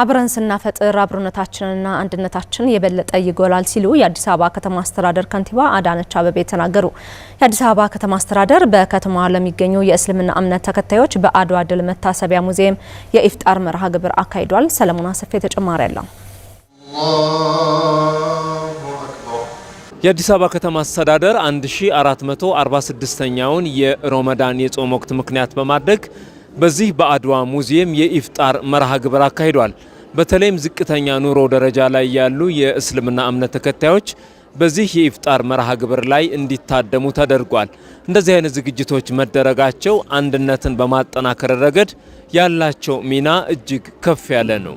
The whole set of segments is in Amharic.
አብረን ስናፈጥር አብሮነታችንና አንድነታችን የበለጠ ይጎላል ሲሉ የአዲስ አበባ ከተማ አስተዳደር ከንቲባ አዳነች አበቤ ተናገሩ። የአዲስ አበባ ከተማ አስተዳደር በከተማዋ ለሚገኙ የእስልምና እምነት ተከታዮች በአድዋ ድል መታሰቢያ ሙዚየም የኢፍጣር መርሃ ግብር አካሂዷል። ሰለሞን አሰፌ ተጨማሪ አለው። የአዲስ አበባ ከተማ አስተዳደር 1446ኛውን የሮመዳን የጾም ወቅት ምክንያት በማድረግ በዚህ በአድዋ ሙዚየም የኢፍጣር መርሃ ግብር አካሂዷል። በተለይም ዝቅተኛ ኑሮ ደረጃ ላይ ያሉ የእስልምና እምነት ተከታዮች በዚህ የኢፍጣር መርሃ ግብር ላይ እንዲታደሙ ተደርጓል። እንደዚህ አይነት ዝግጅቶች መደረጋቸው አንድነትን በማጠናከር ረገድ ያላቸው ሚና እጅግ ከፍ ያለ ነው።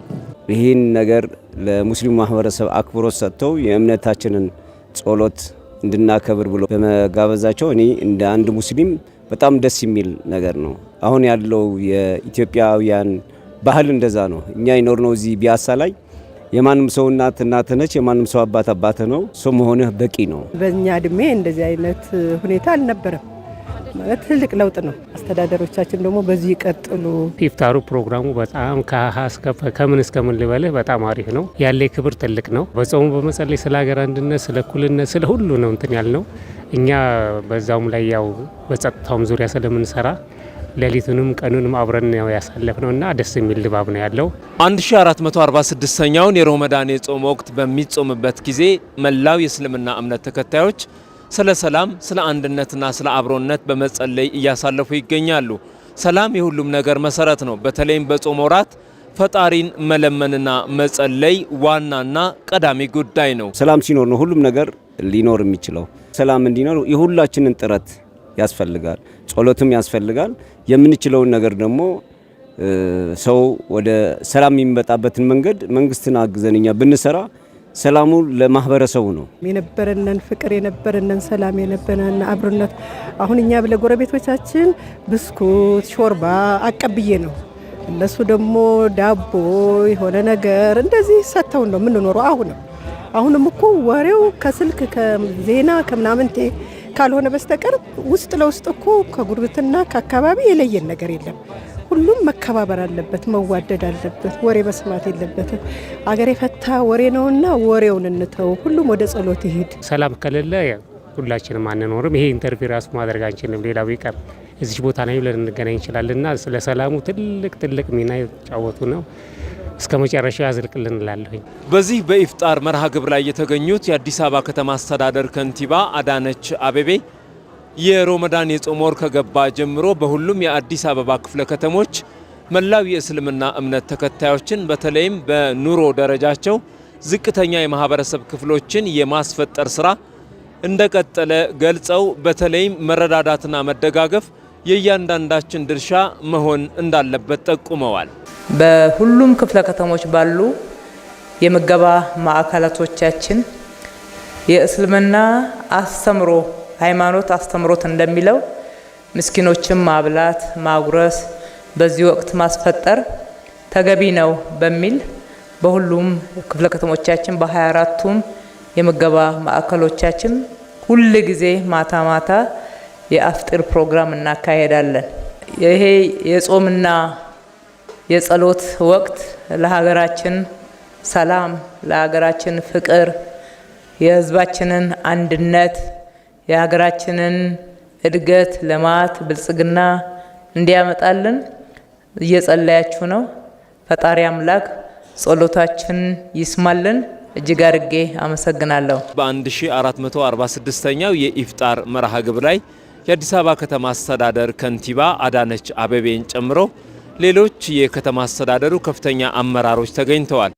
ይህን ነገር ለሙስሊሙ ማህበረሰብ አክብሮት ሰጥተው የእምነታችንን ጸሎት እንድናከብር ብሎ በመጋበዛቸው እኔ እንደ አንድ ሙስሊም በጣም ደስ የሚል ነገር ነው። አሁን ያለው የኢትዮጵያውያን ባህል እንደዛ ነው። እኛ ይኖር ነው እዚህ ቢያሳ ላይ የማንም ሰው እናት እናት ነች፣ የማንም ሰው አባት አባት ነው። ሰው መሆንህ በቂ ነው። በእኛ እድሜ እንደዚህ አይነት ሁኔታ አልነበረም። ማለት ትልቅ ለውጥ ነው። አስተዳደሮቻችን ደግሞ በዚህ ይቀጥሉ። ኢፍጣሩ ፕሮግራሙ በጣም ከሀ እስከ ከምን እስከ ምን ልበልህ በጣም አሪፍ ነው። ያለ ክብር ትልቅ ነው። በጾሙ በመጸለይ ስለ ሀገር አንድነት፣ ስለ እኩልነት፣ ስለ ሁሉ ነው እንትን ያልነው እኛ በዛውም ላይ ያው በጸጥታውም ዙሪያ ስለምንሰራ ሌሊቱንም ቀኑንም አብረን ነው ያሳለፍነው እና ደስ የሚል ድባብ ነው ያለው። 1446ኛውን የሮመዳን የጾም ወቅት በሚጾምበት ጊዜ መላው የእስልምና እምነት ተከታዮች ስለ ሰላም፣ ስለ አንድነትና ስለ አብሮነት በመጸለይ እያሳለፉ ይገኛሉ። ሰላም የሁሉም ነገር መሰረት ነው። በተለይም በጾም ወራት ፈጣሪን መለመንና መጸለይ ዋናና ቀዳሚ ጉዳይ ነው። ሰላም ሲኖር ነው ሁሉም ነገር ሊኖር የሚችለው። ሰላም እንዲኖር የሁላችንን ጥረት ያስፈልጋል፣ ጸሎትም ያስፈልጋል። የምንችለውን ነገር ደግሞ ሰው ወደ ሰላም የሚመጣበትን መንገድ መንግስትን አግዘንኛ ብንሰራ ሰላሙ ለማህበረሰቡ ነው። የነበረንን ፍቅር የነበረንን ሰላም የነበረን አብሮነት አሁን እኛ ለጎረቤቶቻችን ብስኩት፣ ሾርባ አቀብዬ ነው እነሱ ደግሞ ዳቦ የሆነ ነገር እንደዚህ ሰጥተውን ነው የምንኖረው። አሁንም አሁንም እኮ ወሬው ከስልክ ከዜና ከምናምንቴ ካልሆነ በስተቀር ውስጥ ለውስጥ እኮ ከጉርብትና ከአካባቢ የለየን ነገር የለም። ሁሉም መከባበር አለበት፣ መዋደድ አለበት፣ ወሬ መስማት የለበትም። አገር የፈታ ወሬ ነውና ወሬውን እንተው፣ ሁሉም ወደ ጸሎት ይሄድ። ሰላም ከሌለ ሁላችንም አንኖርም። ይሄ ኢንተርቪው ራሱ ማድረግ አንችልም። ሌላ ይቀር እዚች ቦታ ላይ ብለን እንገናኝ እንችላለንና ስለ ሰላሙ ትልቅ ትልቅ ሚና የተጫወቱ ነው። እስከ መጨረሻው ያዝልቅልን እላለሁኝ። በዚህ በኢፍጣር መርሃ ግብር ላይ የተገኙት የአዲስ አበባ ከተማ አስተዳደር ከንቲባ አዳነች አቤቤ የሮመዳን የጾም ወር ከገባ ጀምሮ በሁሉም የአዲስ አበባ ክፍለ ከተሞች መላው የእስልምና እምነት ተከታዮችን በተለይም በኑሮ ደረጃቸው ዝቅተኛ የማህበረሰብ ክፍሎችን የማስፈጠር ስራ እንደቀጠለ ገልጸው በተለይም መረዳዳትና መደጋገፍ የእያንዳንዳችን ድርሻ መሆን እንዳለበት ጠቁመዋል። በሁሉም ክፍለ ከተሞች ባሉ የምገባ ማዕከላቶቻችን የእስልምና አስተምሮ ሃይማኖት አስተምሮት እንደሚለው ምስኪኖችን ማብላት፣ ማጉረስ፣ በዚህ ወቅት ማስፈጠር ተገቢ ነው በሚል በሁሉም ክፍለ ከተሞቻችን 24 ቱም የምገባ ማዕከሎቻችን ሁል ጊዜ ማታ ማታ የአፍጢር ፕሮግራም እናካሄዳለን። ይሄ የጾምና የጸሎት ወቅት ለሀገራችን ሰላም፣ ለሀገራችን ፍቅር፣ የህዝባችንን አንድነት፣ የሀገራችንን እድገት፣ ልማት፣ ብልጽግና እንዲያመጣልን እየጸለያችሁ ነው። ፈጣሪ አምላክ ጸሎታችን ይስማልን። እጅግ አድርጌ አመሰግናለሁ። በ1446ኛው የኢፍጣር መርሃ ግብር ላይ የአዲስ አበባ ከተማ አስተዳደር ከንቲባ አዳነች አቤቤን ጨምሮ ሌሎች የከተማ አስተዳደሩ ከፍተኛ አመራሮች ተገኝተዋል።